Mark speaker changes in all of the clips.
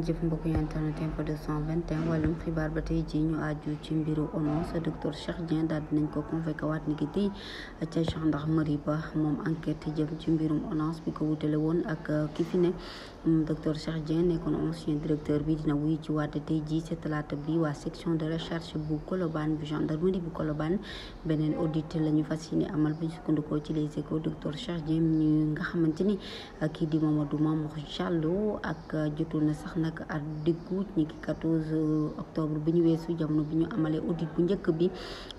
Speaker 1: ngeen jëf mbokk yi internet info 221 wàllum xibaar ba tey jii aju ci mbiru ONAS docteur Cheikh Dieng daal dinañ ko convoqué waat ni ki tey ca gendarmerie ba moom enquête jëm ci bi ko wutale woon ak euh, ki bi dina wuy ci waate tey jii ci talaata bi waa section de recherche bu Colobane bu gendarmerie bu Colobane beneen audit la ñu fas yéene amal bu ñu sukkandikoo ci les échos nga xamante ni euh, kii di Mamadou Mamour Diallo ak euh, jotoon na sax na nag at diggu ñi ki 14 octobre njëkk bi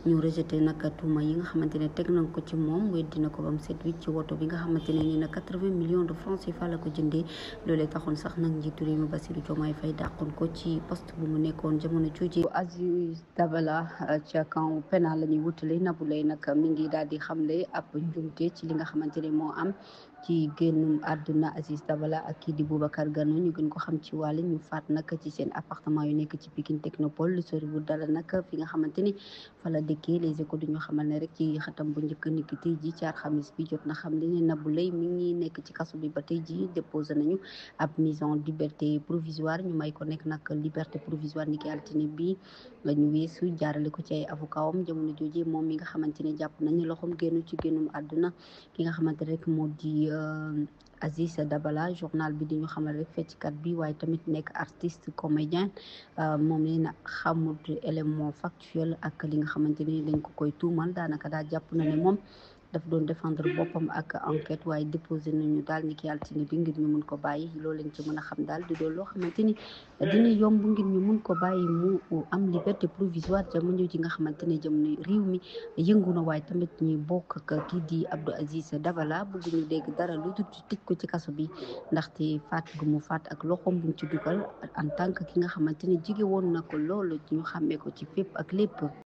Speaker 1: ñu rejeté nag tuuma yi nga xamante ne teg nañ ko ci moom weddi na ko bam set wicc ci woto bi nga xamante ne nii na 80 millions de francs CFA la ko jëndee loolee taxoon sax nag njiitu réew mi Bassirou Diomaye Faye dàqoon ko ci poste bu mu nekkoon jamono jooju Aziz Dabala ca euh, camp pénal la ñuy wutale Nabou Leye nag mi ngi daal di xamle ab njumte ci li nga xamante ne moo am ci génnum àdduna Aziz Dabala ak kii di Boubacar Gano ñu gën ko Sall ñu faat nag ci seen appartement yu nekk ci Pikine Technopole lu sori bu dala nag fi nga xamante ni fa la dëkkee les écoles ñu xamal ne rek ci xatam na xam ne ne Nabou Leye mi ngi nekk ci kaso bi ba tey ji déposé nañu ab mise liberté provisoire ñu may ko nekk nag liberté provisoire niki altine bi ñu weesu jaarale ko ci ay jamono jooje moom mi nga xamante jàpp nañu loxoom génn ci génnum àdduna ki nga xamante rek moo di euh, Aziz Dabala journal bi di ñu xamal rek fecckat bi waaye tamit nekk artist comédien euh, moom nee na xamul élément factuel ak li nga xamante ni dañ ko koy tuumal daanaka daa jàpp na ne moom daf doon défendre boppam ak enquête waaye déposé nañu daal ni ki yàlla bi ngir ñu mun ko bàyyi loolu lañ ci mën a xam daal di doon loo xamante ni dina yomb ngir ñu mun ko bàyyi mu am liberté provisoire jamono ci nga xamante ne jëm ne réew mi yëngu na waaye tamit ñuy bokk ak kii di Abdou Aziz Dabala bëgg ñu dégg dara lu dul tëj ko ci kaso bi ndaxte faat gu mu faat ak loxoom buñ ci dugal en tant ki nga xamante ne jige woon na ko loolu ñu xàmmee ko ci fépp ak lépp